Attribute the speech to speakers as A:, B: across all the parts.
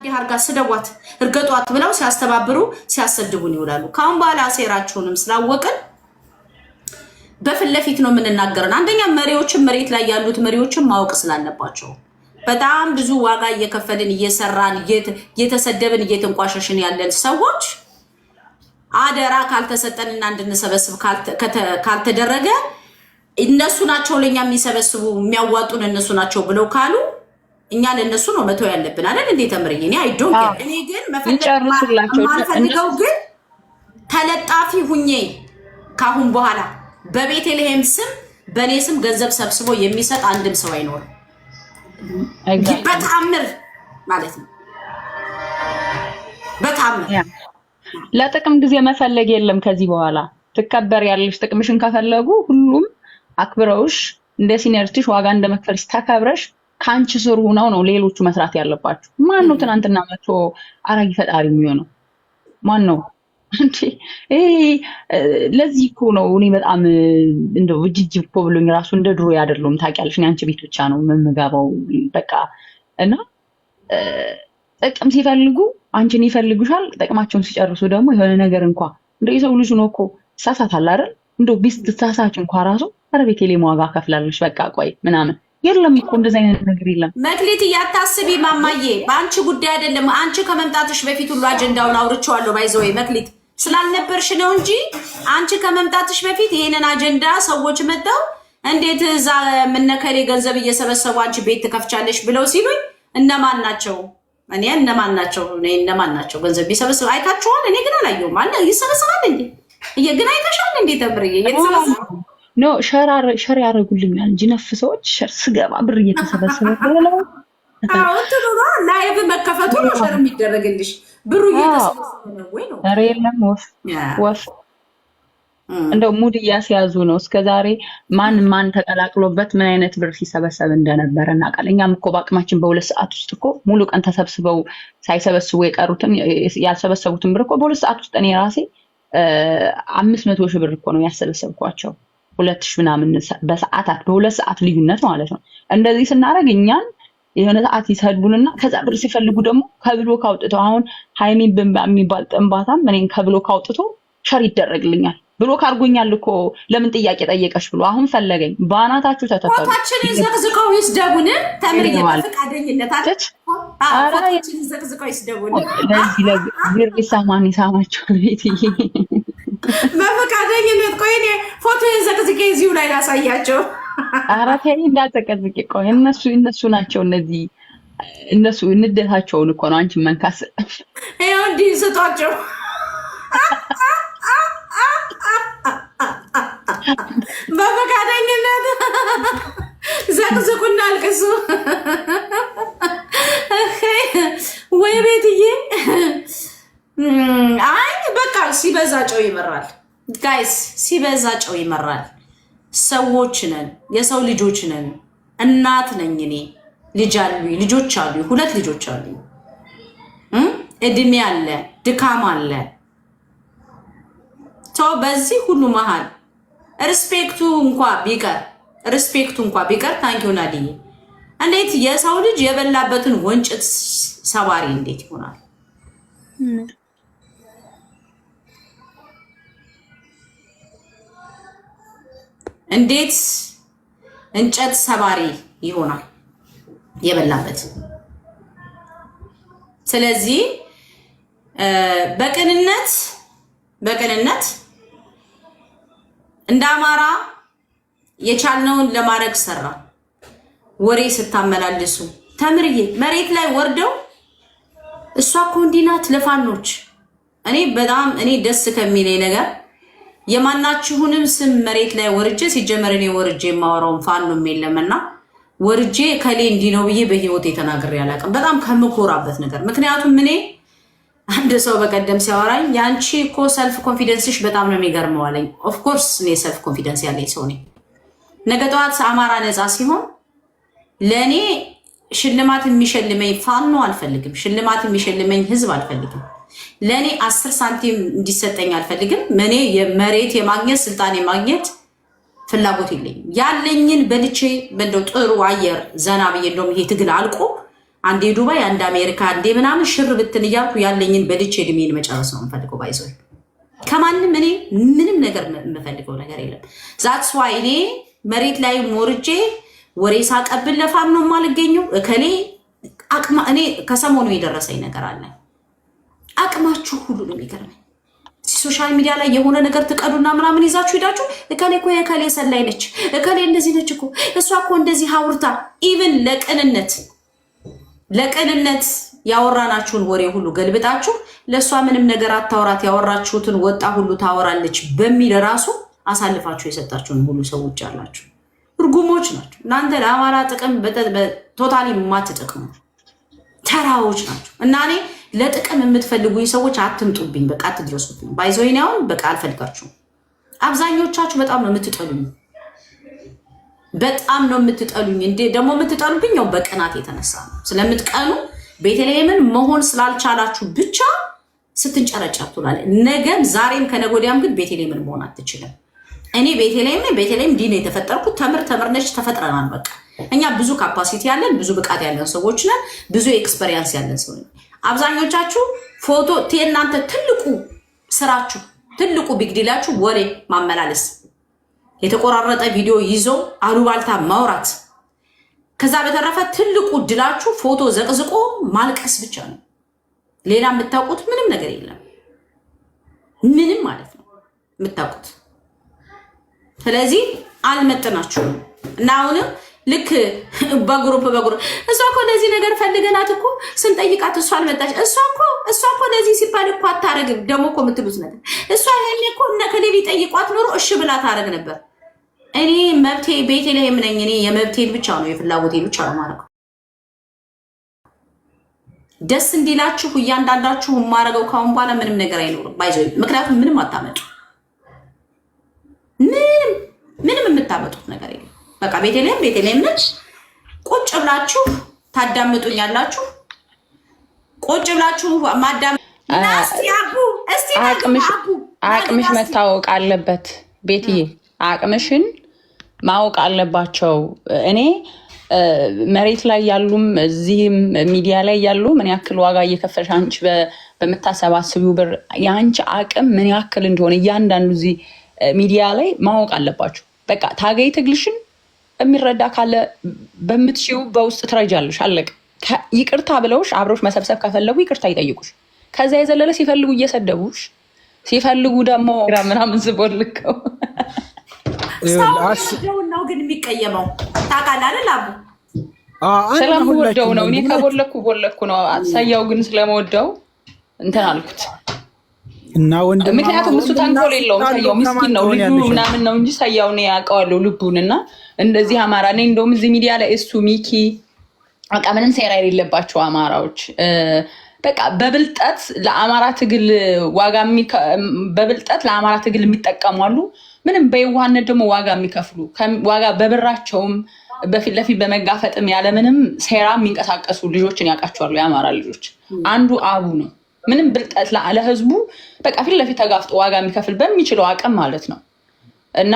A: እንዲህ ስደዋት ስደቧት እርገጧት ብለው ሲያስተባብሩ ሲያሰድቡን ይውላሉ። ካሁን በኋላ አሴራችሁንም ስላወቅን በፊት ለፊት ነው የምንናገረን። አንደኛ መሪዎችን መሬት ላይ ያሉት መሪዎችን ማወቅ ስላለባቸው በጣም ብዙ ዋጋ እየከፈልን እየሰራን እየተሰደብን እየተንቋሸሽን ያለን ሰዎች አደራ ካልተሰጠንና እንድንሰበስብ ካልተደረገ እነሱ ናቸው ለእኛ የሚሰበስቡ የሚያዋጡን እነሱ ናቸው ብለው ካሉ እኛ ለእነሱ ነው መተው ያለብን አይደል? እንዴ? ተምርኝ እኔ አይዶ
B: እኔ ግን መፈለግማልፈልገው
A: ግን ተለጣፊ ሁኜ ካሁን በኋላ በቤተልሔም ስም በእኔ ስም ገንዘብ ሰብስቦ የሚሰጥ አንድም ሰው አይኖርም። በታምር ማለት ነው። በታምር
B: ለጥቅም ጊዜ መፈለግ የለም። ከዚህ በኋላ ትከበር ያለሽ ጥቅምሽን ከፈለጉ ሁሉም አክብረውሽ እንደ ሲኒየርቲሽ ዋጋ እንደመክፈልሽ ተከብረሽ ከአንቺ ስር ሆነው ነው ሌሎቹ መስራት ያለባችሁ። ማን ነው ትናንትና መቶ አራጊ ፈጣሪ የሚሆነው? ማን ነው? ይሄ? ለዚህ እኮ ነው እኔ በጣም እንደ ውጅጅ እኮ ብሎኝ ራሱ እንደ ድሮ አይደለሁም። ታውቂያለሽ፣ አንቺ ቤት ብቻ ነው የምገባው በቃ። እና ጥቅም ሲፈልጉ አንቺን ይፈልጉሻል። ጥቅማቸውን ሲጨርሱ ደግሞ የሆነ ነገር እንኳ እንደ የሰው ልጅ ነው እኮ ይሳሳታል አይደል? እንደው ቢስት ሳሳች እንኳ ራሱ ኧረ ቤቴ ላይ ዋጋ ከፍላለች በቃ ቆይ ምናምን የለም እኮ እንደዚህ አይነት ነገር የለም።
A: መክሊት እያታስቢ ማማዬ፣ በአንቺ ጉዳይ አይደለም። አንቺ ከመምጣትሽ በፊት ሁሉ አጀንዳውን አውርቼዋለሁ። ወይ መክሊት ስላልነበርሽ ነው እንጂ አንቺ ከመምጣትሽ በፊት ይሄንን አጀንዳ ሰዎች መጥተው እንዴት እዛ ምነከሌ ገንዘብ እየሰበሰቡ አንቺ ቤት ትከፍቻለሽ ብለው ሲሉኝ እነማን ናቸው? እኔ እነማን ናቸው? እኔ እነማን ናቸው ገንዘብ የሚሰበስብ አይታችኋል? እኔ ግን አላየሁም። አለ ይሰበሰባል እንዴ? ግን አይተሻል እንዴ? ተምርዬ እየተሰበሰ
B: ኖ ሸር ያደረጉልኛል እንጂ ነፍ ሰዎች ሸር ስገባ ብር እየተሰበሰበ ብለው ነው
A: ላይቭ መከፈቱ ነው ሸር የሚደረግልሽ ብሩ እየተሰበሰበ ነው
B: ወይ ነው? ኧረ የለም ወፍ ወፍ እንደው ሙድ እያስያዙ ነው። እስከ ዛሬ ማን ማን ተቀላቅሎበት ምን አይነት ብር ሲሰበሰብ እንደነበረ እናውቃለን። እኛም እኮ በአቅማችን በሁለት ሰዓት ውስጥ እኮ ሙሉ ቀን ተሰብስበው ሳይሰበስቡ የቀሩትን ያልሰበሰቡትን ብር እኮ በሁለት ሰዓት ውስጥ እኔ ራሴ አምስት መቶ ሺህ ብር እኮ ነው ያሰበሰብኳቸው። ሁለት ሺ ምናምን በሰዓታት በሁለት ሰዓት ልዩነት ማለት ነው። እንደዚህ ስናደርግ እኛን የሆነ ሰዓት ይሰድቡንና ከዛ ብር ሲፈልጉ ደግሞ ከብሎክ አውጥተው አሁን ሀይሚን ብንባ የሚባል ጥንባታም እኔን ከብሎክ አውጥቶ ሸር ይደረግልኛል። ብሎክ አድርጎኛል እኮ ለምን ጥያቄ ጠየቀች ብሎ አሁን ፈለገኝ። በአናታችሁ ተተፈሉ።
A: ፎቶችን ይዘቅዝቀው ይስደቡን። ተምርዬ በፈቃደኝነት ፎቶችን ይስደቡን።
B: ለዚህ ለዚህ ይሰማን ይሰማቸው ቤትዬ
A: በፈቃደኝነት ቆይ እኔ ፎቶዬን ዘቅዝቄ እዚሁ ላይ ላሳያቸው።
B: ኧረ ተይ እንዳልተቀዝቄ ቆይ እነሱ እነሱ ናቸው እነዚህ እነሱ እንደታቸውን እኮ ነው አንቺ መንካስ።
A: ይኸው እንዲህ ስጧቸው በፈቃደኝነት ዘቅዝቁና አልቅሱ። ወይ ቤትዬ አይ በቃ ሲበዛ ጨው ይመራል። ጋይስ ሲበዛ ጨው ይመራል። ሰዎች ነን፣ የሰው ልጆች ነን። እናት ነኝ እኔ። ልጅ አሉኝ፣ ልጆች አሉ ሁለት ልጆች አሉ እድሜ አለ፣ ድካም አለ። ሰው በዚህ ሁሉ መሀል ሪስፔክቱ እንኳ ቢቀር ሪስፔክቱ እንኳ ቢቀር ታንኪዩ ናድዬ፣ እንዴት የሰው ልጅ የበላበትን ወንጭት ሰባሪ እንዴት ይሆናል? እንዴት እንጨት ሰባሪ ይሆናል የበላበት። ስለዚህ በቅንነት በቅንነት እንደ አማራ የቻልነውን ለማድረግ ሰራ። ወሬ ስታመላልሱ ተምርዬ መሬት ላይ ወርደው እሷ ኮንዲናት ለፋኖች እኔ በጣም እኔ ደስ ከሚለኝ ነገር የማናችሁንም ስም መሬት ላይ ወርጄ ሲጀመር እኔ ወርጄ የማወራውን ፋኖም የለምና ወርጄ ከሌ እንዲህ ነው ብዬ በህይወቴ ተናግሬ አላውቅም። በጣም ከምኮራበት ነገር ምክንያቱም እኔ አንድ ሰው በቀደም ሲያወራኝ የአንቺ እኮ ሰልፍ ኮንፊደንስሽ በጣም ነው የሚገርመው አለኝ። ኦፍኮርስ እኔ ሰልፍ ኮንፊደንስ ያለኝ ሰው ነኝ። ነገ ጠዋት አማራ ነፃ ሲሆን ለእኔ ሽልማት የሚሸልመኝ ፋኖ አልፈልግም። ሽልማት የሚሸልመኝ ህዝብ አልፈልግም። ለእኔ አስር ሳንቲም እንዲሰጠኝ አልፈልግም። እኔ የመሬት የማግኘት ስልጣን የማግኘት ፍላጎት የለኝም። ያለኝን በልቼ እንደው ጥሩ አየር ዘና ብዬ እንደውም ይሄ ትግል አልቆ አንዴ ዱባይ፣ አንድ አሜሪካ፣ አንዴ ምናምን ሽር ብትን እያልኩ ያለኝን በልቼ እድሜን መጨረስ ነው የምፈልገው። ባይዞ ከማንም እኔ ምንም ነገር የምፈልገው ነገር የለም። ዛትስ ዋይ እኔ መሬት ላይ ሞርጄ ወሬ ሳቀብል ለፋኖ ነው የማልገኘው። እከሌ አቅማ እኔ ከሰሞኑ የደረሰኝ ነገር አለ አቅማችሁ ሁሉ ነው የሚገርመኝ። ሶሻል ሚዲያ ላይ የሆነ ነገር ትቀዱና ምናምን ይዛችሁ ሄዳችሁ እከሌ እኮ የከሌ ሰላይ ነች፣ እከሌ እንደዚህ ነች እኮ እሷ እኮ እንደዚህ ሀውርታ ኢቭን ለቅንነት ለቅንነት ያወራናችሁን ወሬ ሁሉ ገልብጣችሁ ለእሷ ምንም ነገር አታወራት ያወራችሁትን ወጣ ሁሉ ታወራለች በሚል ራሱ አሳልፋችሁ የሰጣችሁን ሁሉ ሰዎች አላችሁ። እርጉሞች ናቸው። እናንተ ለአማራ ጥቅም ቶታሊ የማትጠቅሙ ተራዎች ናቸው እና እኔ ለጥቅም የምትፈልጉኝ ሰዎች አትምጡብኝ። በቃ አትድረሱብኝ። ነው ባይዘወይን በቃ አልፈልጋችሁም። አብዛኞቻችሁ በጣም ነው የምትጠሉኝ፣ በጣም ነው የምትጠሉኝ። እንዴ ደግሞ የምትጠሉብኝ ያው በቅናት የተነሳ ነው። ስለምትቀኑ ቤተልሔምን መሆን ስላልቻላችሁ ብቻ ስትንጨረጨር ትውላለህ። ነገም ዛሬም ከነገ ወዲያም ግን ቤተልሔምን መሆን አትችልም። እኔ ቤተልሔም ነኝ። ዲ የተፈጠርኩት ተምር ተምር ነች። ተፈጥረናል። በቃ እኛ ብዙ ካፓሲቲ ያለን ብዙ ብቃት ያለን ሰዎች ነን። ብዙ ኤክስፐሪንስ ያለን ሰው አብዛኞቻችሁ ፎቶ የእናንተ ትልቁ ስራችሁ ትልቁ ቢግዲላችሁ ወሬ ማመላለስ፣ የተቆራረጠ ቪዲዮ ይዞ አሉባልታ ማውራት። ከዛ በተረፈ ትልቁ ድላችሁ ፎቶ ዘቅዝቆ ማልቀስ ብቻ ነው። ሌላ የምታውቁት ምንም ነገር የለም። ምንም ማለት ነው የምታውቁት። ስለዚህ አልመጥናችሁም እና አሁንም ልክ በግሩፕ በግሩፕ እሷ እኮ ለዚህ ነገር ፈልገናት እኮ ስንጠይቃት እሷ አልመጣች። እሷ እኮ እሷ እኮ ለዚህ ሲባል እኮ አታረግም። ደግሞ እኮ የምትሉት ነገር እሷ ይሄን እኮ እነ ከሌ ቢጠይቋት ኖሮ እሺ ብላ ታረግ ነበር። እኔ መብቴ ቤቴ ላይ የምነኝ እኔ የመብቴን ብቻ ነው የፍላጎቴን ብቻ ነው ማለት ነው። ደስ እንዲላችሁ እያንዳንዳችሁ የማረገው ካሁን በኋላ ምንም ነገር አይኖርም። ባይዘ ምክንያቱም ምንም አታመጡ ምንም ምንም የምታመጡት ነገር የለም። በቃ ቤተልሔም ቤተልሔም ነች። ቁጭ ብላችሁ ታዳምጡኛላችሁ። ቁጭ ብላችሁ ማዳም
B: አቅምሽ መታወቅ አለበት። ቤትዬ አቅምሽን ማወቅ አለባቸው። እኔ መሬት ላይ ያሉም እዚህም ሚዲያ ላይ ያሉ ምን ያክል ዋጋ እየከፈልሽ አንቺ በምታሰባስቢው ብር የአንቺ አቅም ምን ያክል እንደሆነ እያንዳንዱ እዚህ ሚዲያ ላይ ማወቅ አለባቸው። በቃ ታገይ ትግልሽን የሚረዳ ካለ በምትሽው በውስጥ ትረጃለሽ። አለቅ ይቅርታ ብለውሽ አብረሽ መሰብሰብ ከፈለጉ ይቅርታ ይጠይቁሽ። ከዚያ የዘለለ ሲፈልጉ እየሰደቡሽ ሲፈልጉ ደግሞ ምናምን ስቦልከው
A: ነው ግን የሚቀየመው ታውቃለህ።
B: አቡ ስለምወደው ነው እኔ ከቦለኩ ቦለኩ ነው። ሰያው ግን ስለመወደው እንትን አልኩት። እና ወንድ ምክንያቱም እሱ ተንኮል የለውም። ሰያው ምስኪን ነው ልዩ ምናምን ነው እንጂ ሰያው ነው ያውቀዋለሁ ልቡን እና እንደዚህ አማራ እኔ እንደውም እዚህ ሚዲያ ላይ እሱ ሚኪ በቃ ምንም ሴራ የሌለባቸው አማራዎች በቃ በብልጠት ለአማራ ትግል ዋጋ በብልጠት ለአማራ ትግል የሚጠቀሙ አሉ። ምንም በየዋህነት ደግሞ ዋጋ የሚከፍሉ ዋጋ በብራቸውም በፊት ለፊት በመጋፈጥም ያለምንም ሴራ የሚንቀሳቀሱ ልጆችን ያውቃቸዋሉ። የአማራ ልጆች አንዱ አቡ ነው። ምንም ብልጠት ለህዝቡ በቃ ፊት ለፊት ተጋፍጦ ዋጋ የሚከፍል በሚችለው አቅም ማለት ነው። እና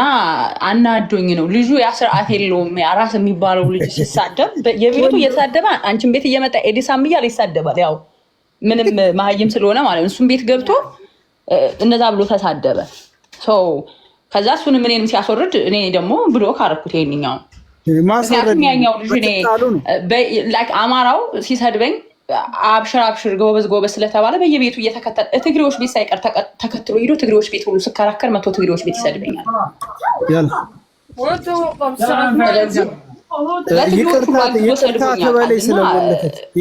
B: አናዶኝ ነው ልጁ ያ ስርዓት የለውም። ራስ የሚባለው ልጅ ሲሳደብ የቤቱ እየተሳደበ አንቺን ቤት እየመጣ ኤዲሳም እያለ ይሳደባል። ያው ምንም መሀይም ስለሆነ ማለት እሱም ቤት ገብቶ እነዛ ብሎ ተሳደበ ከዛ እሱን እኔንም ሲያስወርድ እኔ ደግሞ ብሎ ካረኩት ይሄንኛውን። ምክንያቱም ያኛው ልጅ አማራው ሲሰድበኝ አብሽር አብሽር ጎበዝ ጎበዝ ስለተባለ በየቤቱ እየተከተለ ትግሬዎች ቤት ሳይቀር ተከትሎ ሄዶ ትግሬዎች ቤት ሁሉ ስከራከር መቶ ትግሬዎች ቤት ይሰድበኛል።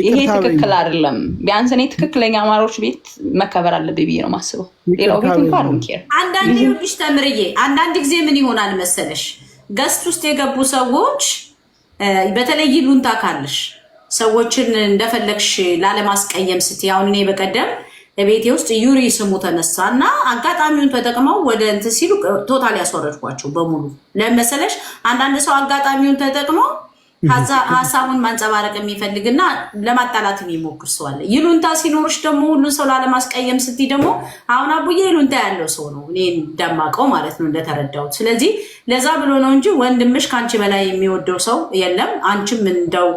B: ይሄ ትክክል አይደለም። ቢያንስ እኔ ትክክለኛ አማሮች ቤት መከበር አለብኝ ብዬ ነው ማስበው። ሌላው ቤት እንኳን ሩንኬር
A: አንዳንድ ሁሽ ተምርዬ አንዳንድ ጊዜ ምን ይሆናል መሰለሽ ገስት ውስጥ የገቡ ሰዎች በተለይ ሉንታ ካለሽ ሰዎችን እንደፈለግሽ ላለማስቀየም ስት አሁን እኔ በቀደም ቤቴ ውስጥ ዩሪ ስሙ ተነሳ እና አጋጣሚውን ተጠቅመው ወደ እንትን ሲሉ ቶታል ያስወረድኳቸው በሙሉ ለመሰለሽ አንዳንድ ሰው አጋጣሚውን ተጠቅመው ሀሳቡን ማንጸባረቅ የሚፈልግና ለማጣላት የሚሞክር ሰው አለ። ይሉንታ ሲኖርሽ ደግሞ ሁሉን ሰው ላለማስቀየም ስት ደግሞ አሁን አቡዬ ይሉንታ ያለው ሰው ነው፣ እኔ እንደማውቀው ማለት ነው እንደተረዳሁት። ስለዚህ ለዛ ብሎ ነው እንጂ ወንድምሽ ከአንቺ በላይ የሚወደው ሰው የለም። አንቺም እንደው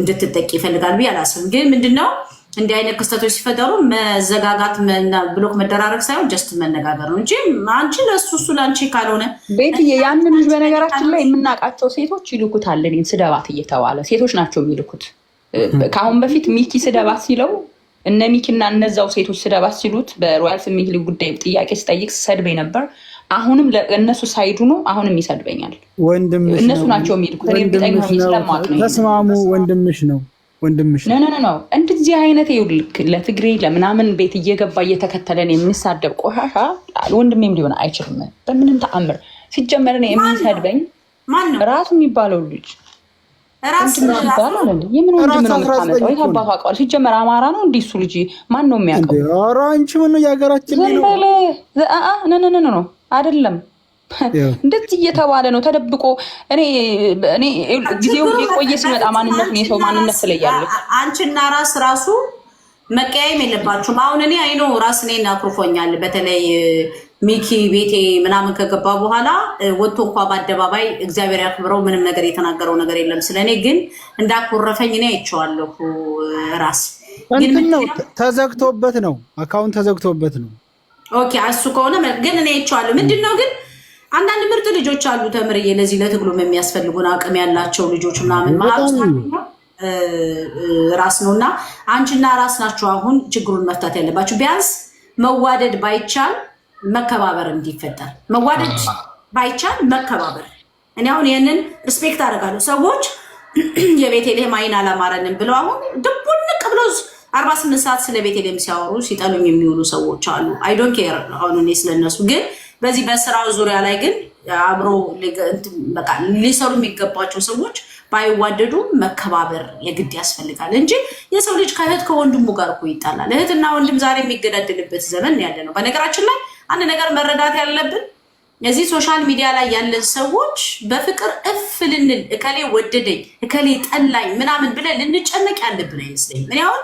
A: እንድትጠቂ ይፈልጋል ብዬ አላስብም። ግን ምንድነው እንዲህ አይነት ክስተቶች ሲፈጠሩ መዘጋጋት ብሎክ መደራረግ ሳይሆን ጀስት መነጋገር ነው እንጂ አንቺ ለሱ እሱ ለአንቺ ካልሆነ
B: ቤትዬ፣ ያንን ልጅ በነገራችን ላይ የምናውቃቸው ሴቶች ይልኩታል። እኔን ስደባት እየተባለ ሴቶች ናቸው የሚልኩት። ከአሁን በፊት ሚኪ ስደባት ሲለው እነ ሚኪና እነዛው ሴቶች ስደባት ሲሉት በሮያል ፋሚሊ ጉዳይ ጥያቄ ስጠይቅ ሰድበኝ ነበር። አሁንም እነሱ ሳይዱ ነው፣ አሁንም ይሰድበኛል። ወንድምሽ እነሱ ናቸው የሚልኩት። እኔ ነው። ተስማሙ፣ ወንድምሽ ነው ወንድምሽ ነው ነው ነው እንደዚህ አይነት ይውልክ ለትግሬ ለምናምን ቤት እየገባ እየተከተለን የሚሳደብ ቆሻሻ ወንድሜም ሊሆን አይችልም በምንም ተአምር። ሲጀመር እኔ የሚሰድበኝ ራሱ የሚባለው ልጅ የምን ወንድም ነው የምታመጣው? የት አባቱ አውቀዋል? ሲጀመር አማራ ነው እንዲህ እሱ ልጅ ማን ነው የሚያውቀው? አንቺ ምን ነው የሀገራችን ነው አይደለም እንደዚህ እየተባለ ነው ተደብቆ። እኔ ጊዜው የቆየ ሲመጣ ማንነት የሰው ማንነት ስለያለ
A: አንቺና ራስ ራሱ መቀያየም የለባችሁም። አሁን እኔ አይኖ ራስ እኔን አኩርፎኛል። በተለይ ሚኪ ቤቴ ምናምን ከገባ በኋላ ወጥቶ እንኳ በአደባባይ እግዚአብሔር ያክብረው ምንም ነገር የተናገረው ነገር የለም ስለ እኔ። ግን እንዳኮረፈኝ እኔ አይቼዋለሁ። ራስ
B: እንትን ነው ተዘግቶበት ነው አካውንት ተዘግቶበት ነው።
A: ኦኬ እሱ ከሆነ ግን እኔ አይቼዋለሁ። ምንድን ነው ግን አንዳንድ ምርጥ ልጆች አሉ። ተምርዬ ለዚህ ለትግሉም የሚያስፈልጉን አቅም ያላቸው ልጆች ምናምን መሀል ራስ ነው እና አንቺና ራስ ናቸው አሁን ችግሩን መፍታት ያለባቸው። ቢያንስ መዋደድ ባይቻል መከባበር እንዲፈጠር፣ መዋደድ ባይቻል መከባበር። እኔ አሁን ይህንን ሪስፔክት አደርጋለሁ። ሰዎች የቤተልሔም አይን አላማረንም ብለው አሁን ድቡንቅ ብሎ አርባ ስምንት ሰዓት ስለ ቤተልሔም ሲያወሩ ሲጠሉኝ የሚውሉ ሰዎች አሉ። አይዶን ኬር አሁን እኔ ስለነሱ ግን በዚህ በስራው ዙሪያ ላይ ግን አብሮ በቃ ሊሰሩ የሚገባቸው ሰዎች ባይዋደዱም መከባበር የግድ ያስፈልጋል እንጂ የሰው ልጅ ከእህት ከወንድሙ ጋር እኮ ይጣላል። እህትና ወንድም ዛሬ የሚገዳደልበት ዘመን ያለ ነው። በነገራችን ላይ አንድ ነገር መረዳት ያለብን እዚህ ሶሻል ሚዲያ ላይ ያለን ሰዎች በፍቅር እፍ ልንል እከሌ ወደደኝ እከሌ ጠላኝ ምናምን ብለን ልንጨነቅ ያለብን አይመስለኝም። እኔ አሁን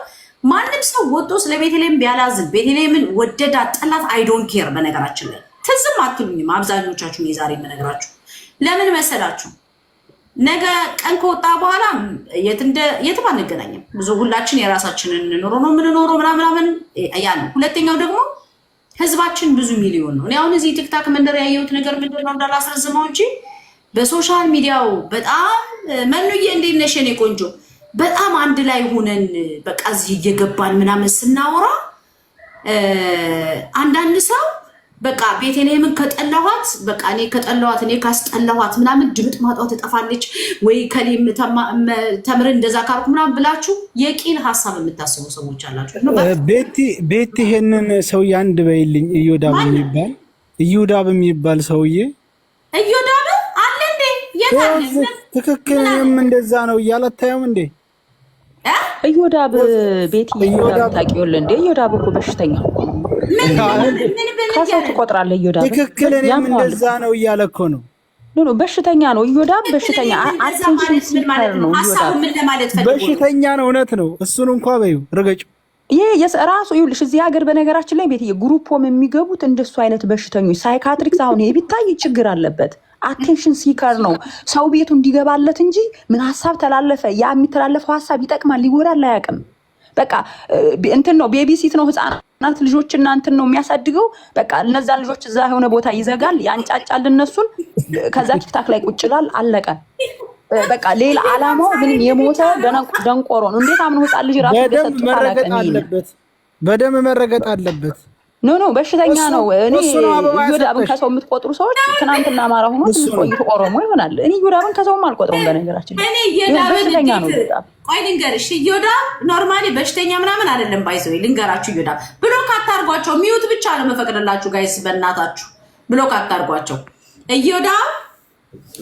A: ማንም ሰው ወጥቶ ስለ ቤተልሔም ቢያላዝን ቤተልሔምን ወደዳት ጠላት አይዶን ኬር በነገራችን ላይ ትዝም አትሉኝም አብዛኞቻችሁ። የዛሬ የምነግራችሁ ለምን መሰላችሁ? ነገ ቀን ከወጣ በኋላ የትም አንገናኝም። ብዙ ሁላችን የራሳችንን ኑሮ ነው የምንኖረው ምናምናምን ያ ነው። ሁለተኛው ደግሞ ህዝባችን ብዙ ሚሊዮን ነው። እኔ አሁን እዚህ ቲክታክ መንደር ያየሁት ነገር ምንድን ነው እንዳላስረዝመው እንጂ በሶሻል ሚዲያው በጣም መኑዬ እንዴት ነሽ የኔ ቆንጆ፣ በጣም አንድ ላይ ሆነን በቃ እዚህ እየገባን ምናምን ስናወራ አንዳንድ ሰው በቃ ቤተልሔምን ከጠላኋት በቃ እኔ ከጠላኋት እኔ ካስጠላኋት ምናምን ድምጥ ማጣት ትጠፋለች ወይ ከሌም ተምር እንደዛ ካልኩ ምናምን ብላችሁ የቂን ሀሳብ የምታስቡ ሰዎች አላችሁ።
B: ቤቲ ይሄንን ሰውዬ አንድ በይልኝ። እዮዳብ የሚባል እዮዳብ የሚባል ሰውዬ
A: እዮዳብ አለ እንዴ?
B: ትክክል። እኔም እንደዛ ነው እያላታየም እንዴ እዮዳብ ቤት እዮዳብ ታውቂዋለህ እንዴ? እዮዳብ እኮ በሽተኛ ከሰው ትቆጥራለ። እዮዳብ ትክክል። እኔም እንደዛ ነው እያለ እኮ ነው። በሽተኛ ነው እዮዳብ፣ በሽተኛ አቴንሽን ሲከር ነው በሽተኛ ነው። እውነት ነው። እሱን እንኳ በዩ ርገጩ ይህ የራሱ ይኸውልሽ፣ እዚህ ሀገር በነገራችን ላይ ቤት ግሩፕ ሆም የሚገቡት እንደሱ አይነት በሽተኞች ሳይካትሪክስ። አሁን የቢታይ ችግር አለበት። አቴንሽን ሲከር ነው ሰው ቤቱ እንዲገባለት እንጂ ምን ሀሳብ ተላለፈ፣ ያ የሚተላለፈው ሀሳብ ይጠቅማል ሊጎዳል አያውቅም። በቃ እንትን ነው ቤቢሲት ነው ህፃናት ልጆችና እንትን ነው የሚያሳድገው። በቃ እነዛን ልጆች እዛ የሆነ ቦታ ይዘጋል፣ ያንጫጫል እነሱን። ከዛ ቲክታክ ላይ ቁጭ ይላል፣ አለቀ። በቃ ሌላ አላማው ምንም የሞተ ደንቆሮ ነው። እንዴት አምኖ ህፃን ልጅ ራሱ በደንብ መረገጥ አለበት። ኖ ኖ በሽተኛ ነው። እኔ ዮዳብን ከሰው የምትቆጥሩ ሰዎች ትናንትና አማራ ሆኖ ቆይቶ ኦሮሞ ይሆናል። እኔ ዮዳብን ከሰውም አልቆጥሩም። በነገራችን
A: በሽተኛ ነው። ቆይ ልንገርሽ፣ ዮዳብ ኖርማሊ በሽተኛ ምናምን አይደለም። ባይዘው ልንገራችሁ፣ ዮዳብ ብሎ ካታርጓቸው ሚዩት ብቻ ነው መፈቅደላችሁ። ጋይስ በእናታችሁ ብሎ ካታርጓቸው ዮዳብ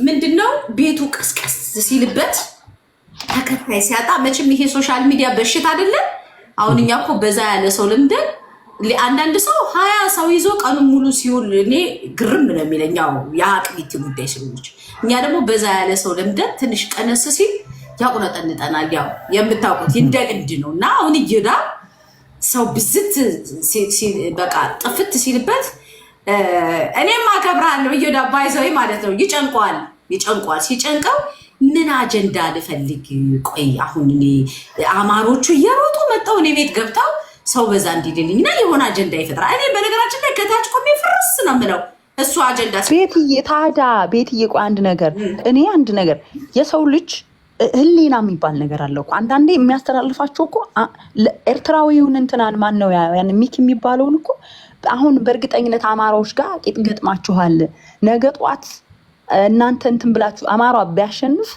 A: ምንድነው ቤቱ ቀስቀስ ሲልበት ተከታይ ሲያጣ መቼም ይሄ ሶሻል ሚዲያ በሽታ አይደለም። አሁን እኛ እኮ በዛ ያለ ሰው ልምደን አንዳንድ ሰው ሀያ ሰው ይዞ ቀኑን ሙሉ ሲውል እኔ ግርም ነው የሚለኝ። ያው የአቅሚት ጉዳይ ስለሆነች እኛ ደግሞ በዛ ያለ ሰው ለምደን ትንሽ ቀነስ ሲል ያቁነጠንጠናል። ያው የምታውቁት እንደ እንድ ነው እና አሁን እየዳ ሰው ብዝት በቃ ጥፍት ሲልበት እኔም አከብርሃለሁ እየዳ ባይዘዊ ማለት ነው። ይጨንቋል ይጨንቋል። ሲጨንቀው ምን አጀንዳ ልፈልግ ቆይ አሁን እኔ አማሮቹ እየሮጡ መጠው እኔ ቤት ገብተው ሰው በዛ እንዲድልኝ እና የሆነ አጀንዳ ይፈጥራል። እኔ በነገራችን ላይ ከታች ኮሚ ፍርስ ነው የምለው። እሱ አጀንዳ
B: ቤትዬ፣ ታዲያ ቤትዬ፣ ቆይ አንድ ነገር እኔ አንድ ነገር የሰው ልጅ ህሊና የሚባል ነገር አለ እኮ አንዳንዴ የሚያስተላልፋቸው እኮ ኤርትራዊውን እንትናን ማን ነው ያን ሚክ የሚባለውን እኮ አሁን በእርግጠኝነት አማራዎች ጋር ቂጥ ገጥማችኋል። ነገ ጠዋት እናንተ እንትን ብላችሁ አማራ ቢያሸንፍ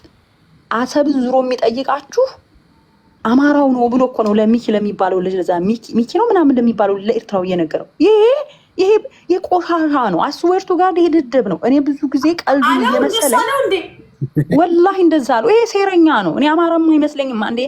B: አሰብ ዙሮ የሚጠይቃችሁ አማራው ነው ብሎ እኮ ነው ለሚኪ ለሚባለው ልጅ ለዛ ሚኪ ነው ምናምን ለሚባለው ለኤርትራው እየነገረው ይሄ ይሄ የቆሻሻ ነው። አስዌርቱ ጋር የድድብ ነው። እኔ ብዙ ጊዜ
A: ቀልዱ እየመሰለ
B: ወላሂ እንደዛ አለው። ይሄ ሴረኛ ነው። እኔ አማራም አይመስለኝም አንዴ